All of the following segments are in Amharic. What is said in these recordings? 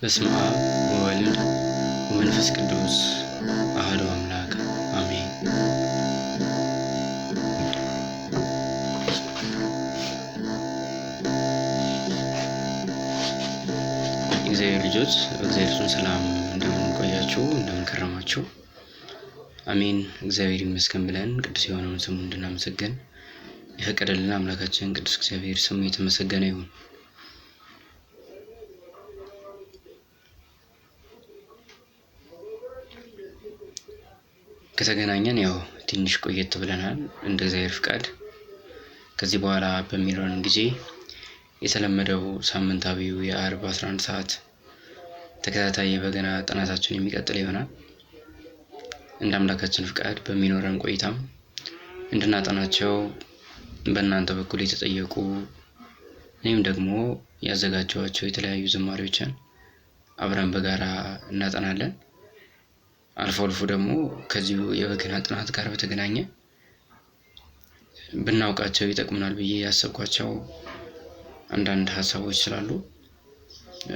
በስመ አብ ወወልድ ወመንፈስ ቅዱስ አሐዱ አምላክ አሜን። እግዚአብሔር ልጆች እግዚአብሔርን ሰላም እንደምንቆያችሁ እንደምንከረማችሁ አሜን። እግዚአብሔር ይመስገን ብለን ቅዱስ የሆነውን ስሙ እንድናመሰገን የፈቀደልን አምላካችን ቅዱስ እግዚአብሔር ስሙ የተመሰገነ ይሁን። ከተገናኘን ያው ትንሽ ቆየት ብለናል እንደ እግዚአብሔር ፍቃድ። ከዚህ በኋላ በሚኖረን ጊዜ የተለመደው ሳምንታዊው የአርብ 11 ሰዓት ተከታታይ የበገና ጥናታችን የሚቀጥል ይሆናል። እንደ አምላካችን ፍቃድ በሚኖረን ቆይታም እንድናጠናቸው በእናንተ በኩል የተጠየቁ እኔም ደግሞ ያዘጋጀኋቸው የተለያዩ ዝማሬዎችን አብረን በጋራ እናጠናለን። አልፎ አልፎ ደግሞ ከዚሁ የበገና ጥናት ጋር በተገናኘ ብናውቃቸው ይጠቅሙናል ብዬ ያሰብኳቸው አንዳንድ ሀሳቦች ስላሉ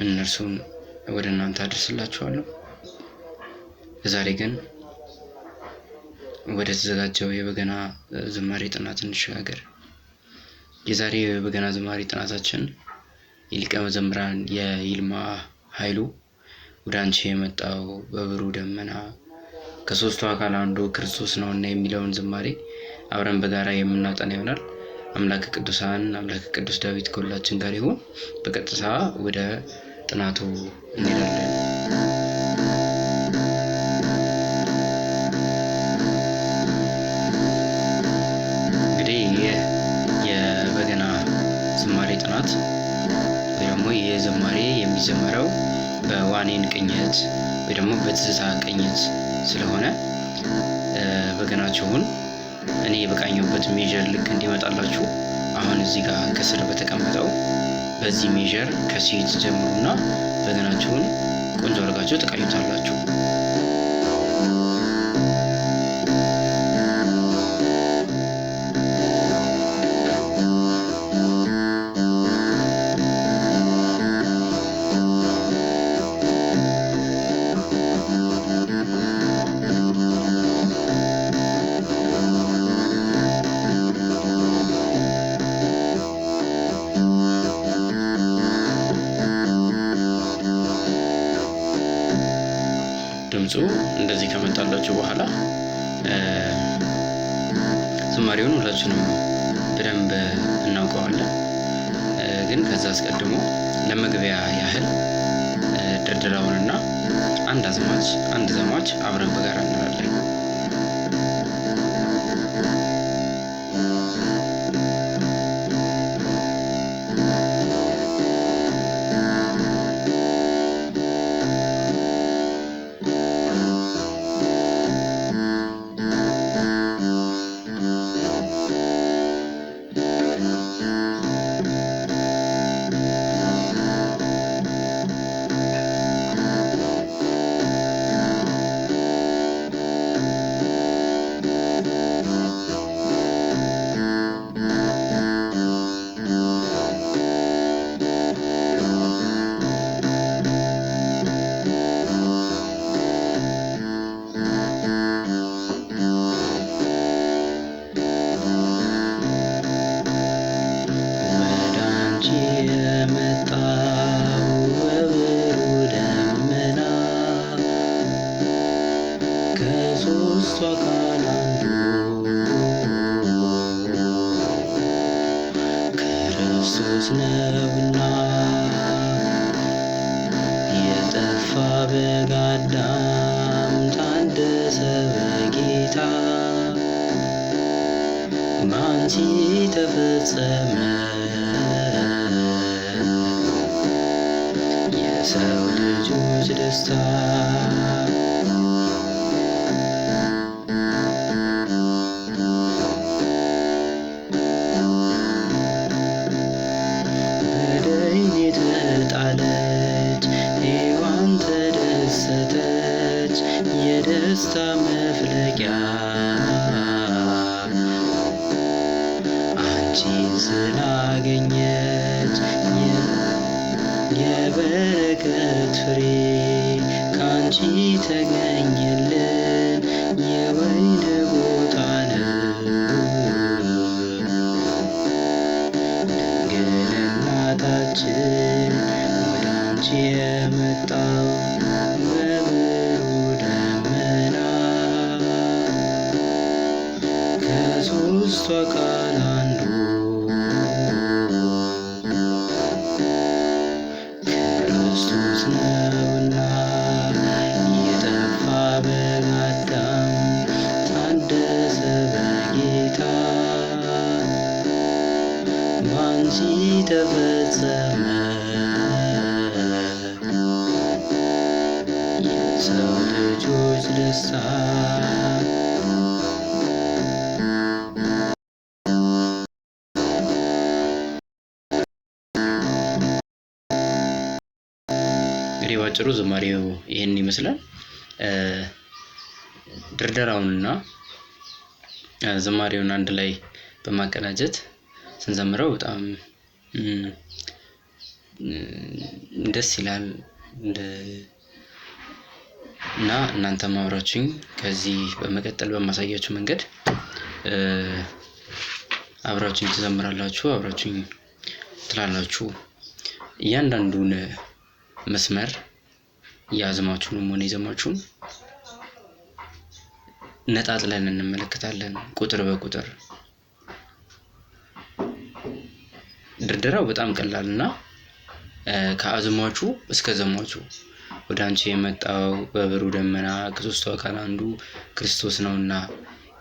እነርሱን ወደ እናንተ አደርስላችኋለሁ። ዛሬ ግን ወደ ተዘጋጀው የበገና ዝማሬ ጥናት እንሸጋገር። የዛሬ የበገና ዝማሬ ጥናታችን የሊቀ መዘምራን የይልማ ኃይሉ ወደ አንቺ የመጣው በብሩህ ደመና ከሶስቱ አካል አንዱ ክርስቶስ ነውና የሚለውን ዝማሬ አብረን በጋራ የምናጠና ይሆናል። አምላክ ቅዱሳን አምላክ ቅዱስ ዳዊት ከሁላችን ጋር ይሁን። በቀጥታ ወደ ጥናቱ እንሄዳለን። እንግዲህ ይህ የበገና ዝማሬ ጥናት ወይ ደግሞ ይህ ዝማሬ የሚዘመረው በዋኔን ቅኝት ወይ ደግሞ በትዝታ ቅኝት ስለሆነ በገናችሁን እኔ በቃኘሁበት ሜጀር ልክ እንዲመጣላችሁ አሁን እዚህ ጋር ከስር በተቀመጠው በዚህ ሜጀር ከሲት ጀምሩና በገናችሁን ቆንጆ አድርጋችሁ ተቃኙታላችሁ። ድምፁ እንደዚህ ከመጣላችሁ በኋላ ዝማሬውን ሁላችንም በደንብ እናውቀዋለን። ግን ከዛ አስቀድሞ ለመግቢያ ያህል ድርድራውንና አንድ አዝማች አንድ ዘማች አብረን በጋራ እንላለን። ክርስቶስ ነውና የጠፋ በግ አዳም ታደሰ በጌታ በአንቺ ተፈጸመ የሰው ልጆች ደስታ አገኘች የበረከት ፍሬ ካንቺ ተገኘልን የወይን ቦታነ ድንግል እናታችን ወደ አንቺ የመጣው በብሩህ ደመና ከሦስቱ አካላት ተፈጸመ የሰው ልጆች ደስታ እንግዲህ ባጭሩ ዝማሬው ይህን ይመስላል። ድርደራውንና ዝማሬውን አንድ ላይ በማቀናጀት ስንዘምረው በጣም ደስ ይላል። እና እናንተም አብራችሁኝ ከዚህ በመቀጠል በማሳያችሁ መንገድ አብራችሁኝ ትዘምራላችሁ፣ አብራችሁኝ ትላላችሁ። እያንዳንዱን መስመር የአዝማችሁንም ሆነ የዘማችሁን ነጣጥለን እንመለከታለን ቁጥር በቁጥር ድርደራው በጣም ቀላል እና ከአዝማቹ እስከ ዘማቹ ወደ አንቺ የመጣው በብሩ ደመና ከሦስቱ አካል አንዱ ክርስቶስ ነውና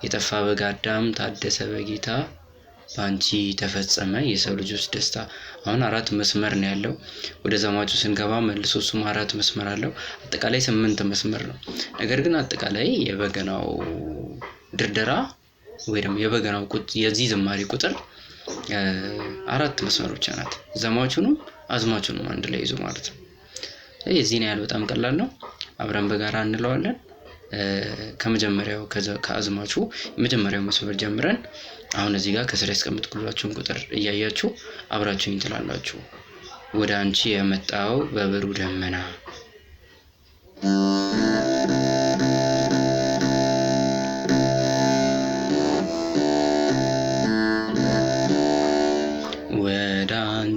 የጠፋ በጋዳም ታደሰ በጌታ በአንቺ ተፈጸመ የሰው ልጆች ደስታ። አሁን አራት መስመር ነው ያለው። ወደ ዘማቹ ስንገባ መልሶ እሱም አራት መስመር አለው። አጠቃላይ ስምንት መስመር ነው። ነገር ግን አጠቃላይ የበገናው ድርደራ ወይ ደግሞ የበገናው የዚህ ዝማሬ ቁጥር አራት መስመር ብቻ ናት። ዘማቹንም አዝማቹንም አንድ ላይ ይዞ ማለት ነው። የዚህን ያህል በጣም ቀላል ነው። አብረን በጋራ እንለዋለን። ከመጀመሪያው ከአዝማቹ የመጀመሪያው መስመር ጀምረን አሁን እዚህ ጋር ከስር ያስቀምጥኩላችሁን ቁጥር እያያችሁ አብራችሁኝ ትላላችሁ። ወደ አንቺ የመጣው በብሩ ደመና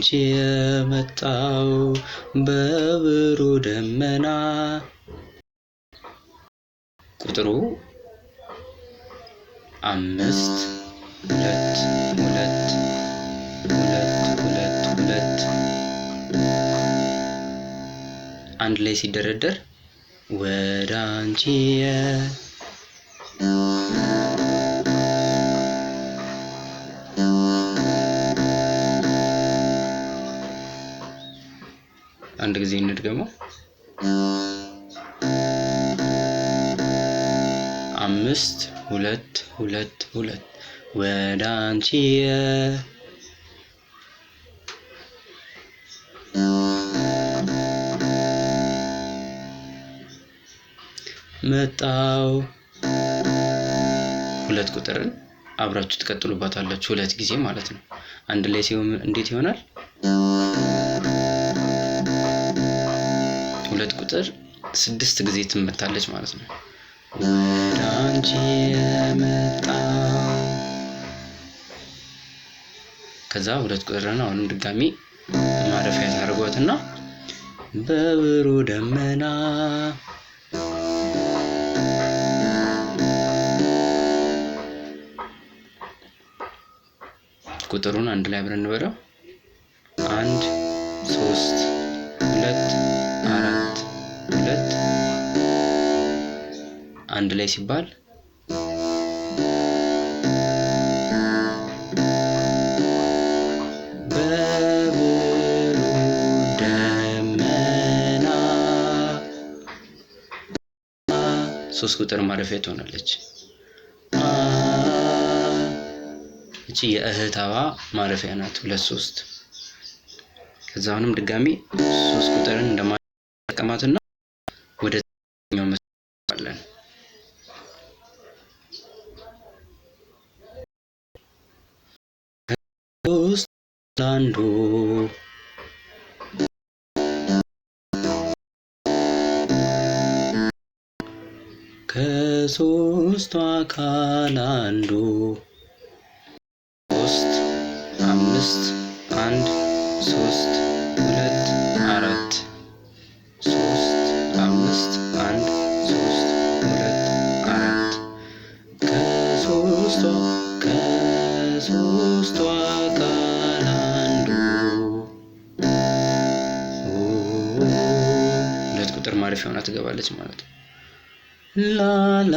ከአንቺ የመጣው በብሩ ደመና። ቁጥሩ አምስት ሁለት ሁለት ሁለት ሁለት ሁለት አንድ ላይ ሲደረደር ወደ አንቺ አንድ ጊዜ እንድገመው። አምስት ሁለት ሁለት ሁለት ወደ አንቺ መጣው ሁለት ቁጥርን አብራችሁ ትቀጥሉባታላችሁ ሁለት ጊዜ ማለት ነው። አንድ ላይ ሲሆን እንዴት ይሆናል? ሁለት ቁጥር ስድስት ጊዜ ትመታለች ማለት ነው። አንቺ የመጣ ከዛ ሁለት ነው። አሁንም ድጋሚ ማረፊያ ታደርጓትና በብሩ ደመና ቁጥሩን አንድ ላይ አብረን እንበለው። አንድ ሶስት ሁለት አንድ ላይ ሲባል ሶስት ቁጥር ማረፊያ ትሆናለች። እቺ የእህታዋ ማረፊያ ናት። ሁለት ሶስት ከዛ አሁንም ድጋሚ ሶስት ቁጥርን እንደማጠቀማትና ወደ ኛው መስለን አንዱ ከሶስቱ አካል አንዱ ሶስት አምስት ትላለች ማለት ነው። ላላ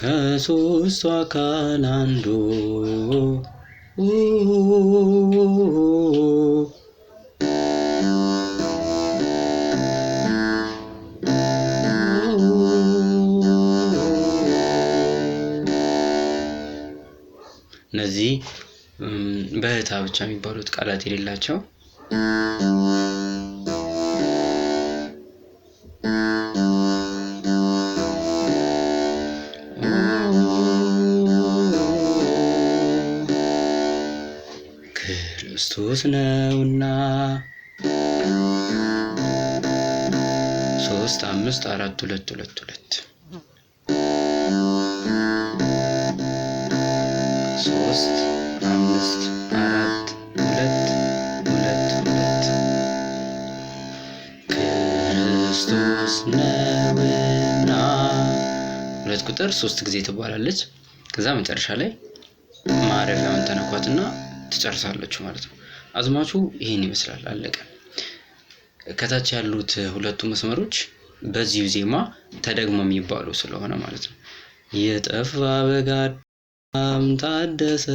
ከሶስቱ አካል አንዱ እነዚህ በህታ ብቻ የሚባሉት ቃላት የሌላቸው ክርስቶስ ነውና ሶስት አምስት አራት ሁለት ሁለት ሁለት ሶስት አምስት አራት ሁለት ሁለት ሁለት ክርስቶስ ነውና ሁለት ቁጥር ሶስት ጊዜ ትባላለች። ከዛ መጨረሻ ላይ ማረፊያውን ተነኳትና ትጨርሳለች ማለት ነው። አዝማቹ ይህን ይመስላል። አለቀ። ከታች ያሉት ሁለቱ መስመሮች በዚሁ ዜማ ተደግሞ የሚባሉ ስለሆነ ማለት ነው። የጠፋ በጋድ ታደሰ